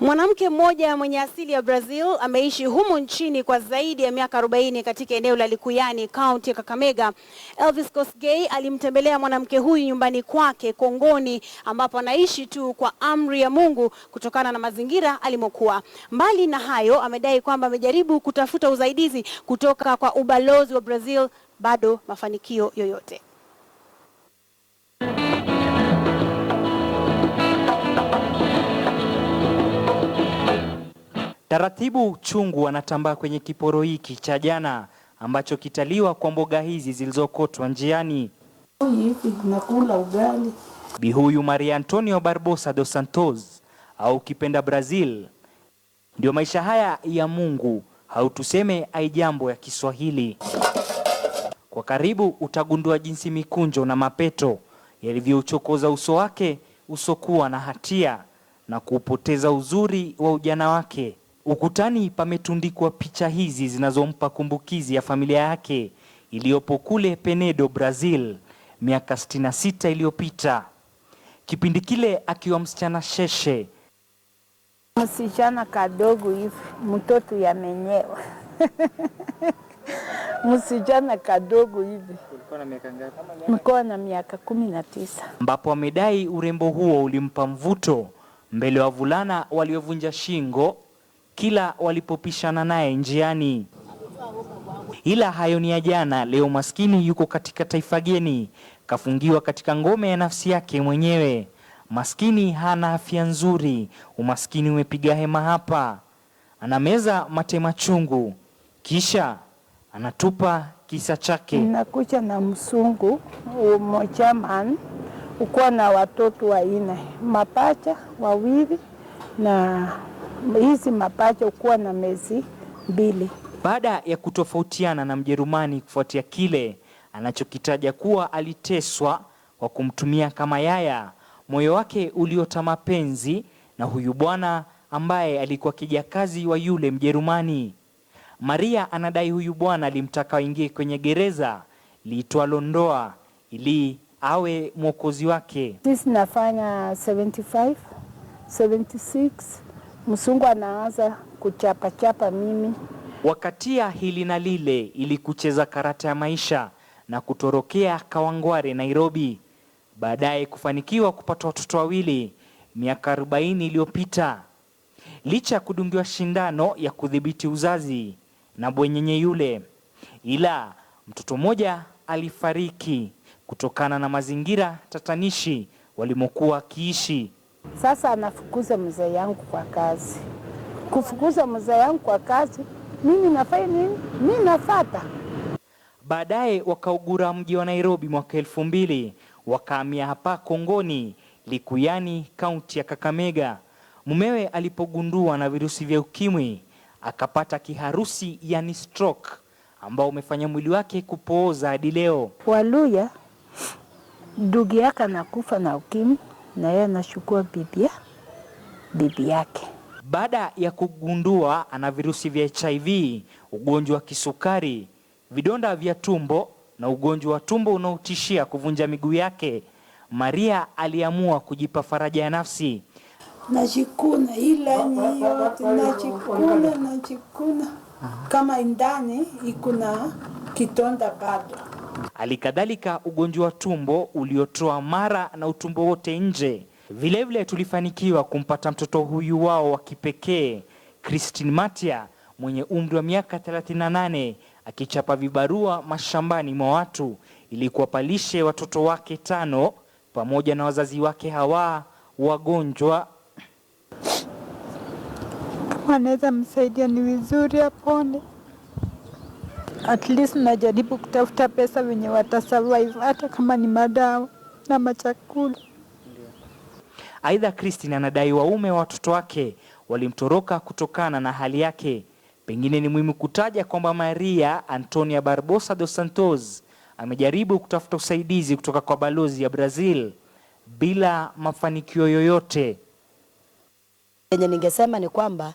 Mwanamke mmoja mwenye asili ya Brazil ameishi humu nchini kwa zaidi ya miaka 40 katika eneo la Likuyani, kaunti ya Kakamega. Elvis Kosgei alimtembelea mwanamke huyu nyumbani kwake Kongoni, ambapo anaishi tu kwa amri ya Mungu kutokana na mazingira alimokuwa. Mbali na hayo, amedai kwamba amejaribu kutafuta usaidizi kutoka kwa ubalozi wa Brazil, bado mafanikio yoyote. Taratibu chungu anatambaa kwenye kiporo hiki cha jana ambacho kitaliwa kwa mboga hizi zilizokotwa njiani. Hivi tunakula ugali. Bi huyu Maria Antonio Barbosa dos Santos au kipenda Brazil, ndio maisha haya ya Mungu au tuseme jambo ya Kiswahili. Kwa karibu utagundua jinsi mikunjo na mapeto yalivyouchokoza uso wake usokuwa na hatia na kuupoteza uzuri wa ujana wake. Ukutani pametundikwa picha hizi zinazompa kumbukizi ya familia yake iliyopo kule Penedo, Brazil, miaka 66 iliyopita. Kipindi kile akiwa msichana sheshe, msichana kadogo hivi, mtoto yamenyewa msichana kadogo hivi mkoa na miaka kumi na tisa, ambapo amedai urembo huo ulimpa mvuto mbele wa vulana waliovunja shingo kila walipopishana naye njiani. Ila hayo ni ya jana. Leo maskini yuko katika taifa geni, kafungiwa katika ngome ya nafsi yake mwenyewe. Maskini hana afya nzuri, umaskini umepiga hema hapa. Anameza matema chungu, kisha anatupa kisa chake. Nakucha na msungu umochaman ukuwa na watoto waine mapacha wawili na hizi mapacha kuwa na mezi mbili. Baada ya kutofautiana na Mjerumani kufuatia kile anachokitaja kuwa aliteswa kwa kumtumia kama yaya, moyo wake uliota mapenzi na huyu bwana ambaye alikuwa kijakazi wa yule Mjerumani. Maria anadai huyu bwana alimtaka aingie kwenye gereza liitwalo ndoa ili awe mwokozi wake. Sisi nafanya 75, 76 msungu anaanza kuchapachapa mimi. Wakatia hili na lile ili kucheza karata ya maisha na kutorokea Kawangware, Nairobi, baadaye kufanikiwa kupata watoto wawili miaka 40 iliyopita, licha ya kudungiwa shindano ya kudhibiti uzazi na bwenyenye yule, ila mtoto mmoja alifariki kutokana na mazingira tatanishi walimokuwa wakiishi. Sasa anafukuza mzee yangu kwa kazi. Kufukuza mzee yangu kwa kazi, mimi nafanya nini? Mimi nafata. Baadaye wakaugura mji wa Nairobi mwaka elfu mbili wakahamia hapa Kongoni, Likuyani, kaunti ya Kakamega. Mumewe alipogundua na virusi vya ukimwi akapata kiharusi, yani stroke, ambao umefanya mwili wake kupooza hadi leo. Waluya ndugu yake anakufa na ukimwi na yeye anachukua bibia bibi yake. Baada ya kugundua ana virusi vya HIV, ugonjwa wa kisukari, vidonda vya tumbo na ugonjwa wa tumbo unaotishia kuvunja miguu yake, Maria aliamua kujipa faraja ya nafsi. Najikuna ila ni yote najikuna, najikuna kama ndani iko na kitonda bado Halikadhalika ugonjwa wa tumbo uliotoa mara na utumbo wote nje. Vilevile tulifanikiwa kumpata mtoto huyu wao wa kipekee Christine Matia mwenye umri wa miaka 38 akichapa vibarua mashambani mwa watu ili kuwapalishe watoto wake tano pamoja na wazazi wake hawa wagonjwa. Kama anaweza msaidia ni vizuri, apone at least najaribu kutafuta pesa venye watasurvive hata kama ni madawa na machakula. Aidha, Christine anadai waume wa watoto wake walimtoroka kutokana na hali yake. Pengine ni muhimu kutaja kwamba Maria Antonia Barbosa dos Santos amejaribu kutafuta usaidizi kutoka kwa balozi ya Brazil bila mafanikio yoyote. Yenye ningesema ni kwamba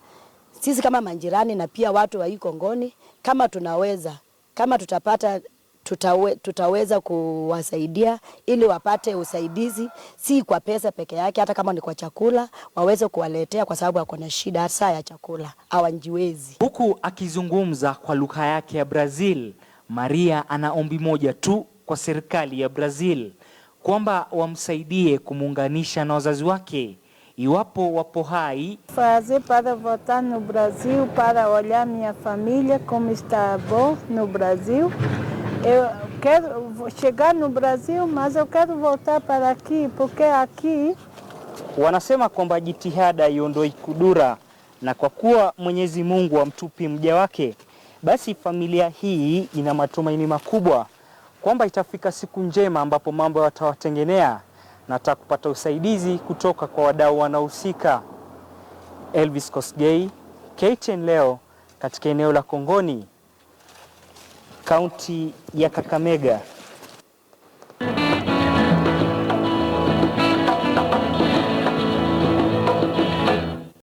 sisi kama majirani na pia watu wa hii Kongoni kama tunaweza, kama tutapata tutawe, tutaweza kuwasaidia ili wapate usaidizi, si kwa pesa peke yake, hata kama ni kwa chakula waweze kuwaletea, kwa sababu wako na shida hasa ya chakula, hawajiwezi. Huku akizungumza kwa lugha yake ya Brazil, Maria ana ombi moja tu kwa serikali ya Brazil kwamba wamsaidie kumuunganisha na wazazi wake iwapo wapo hai. Fazer para votar no Brasil, para olhar minha família como está bom no Brasil. Eu quero chegar no Brasil, mas eu quero voltar para aqui porque aqui. Wanasema kwamba jitihada iondoi kudura, na kwa kuwa Mwenyezi Mungu amtupi mja wake, basi familia hii ina matumaini makubwa kwamba itafika siku njema ambapo mambo yatawatengenea nataka kupata usaidizi kutoka kwa wadau wanaohusika. Elvis Kosgei, KTN leo katika eneo la Kongoni, kaunti ya Kakamega.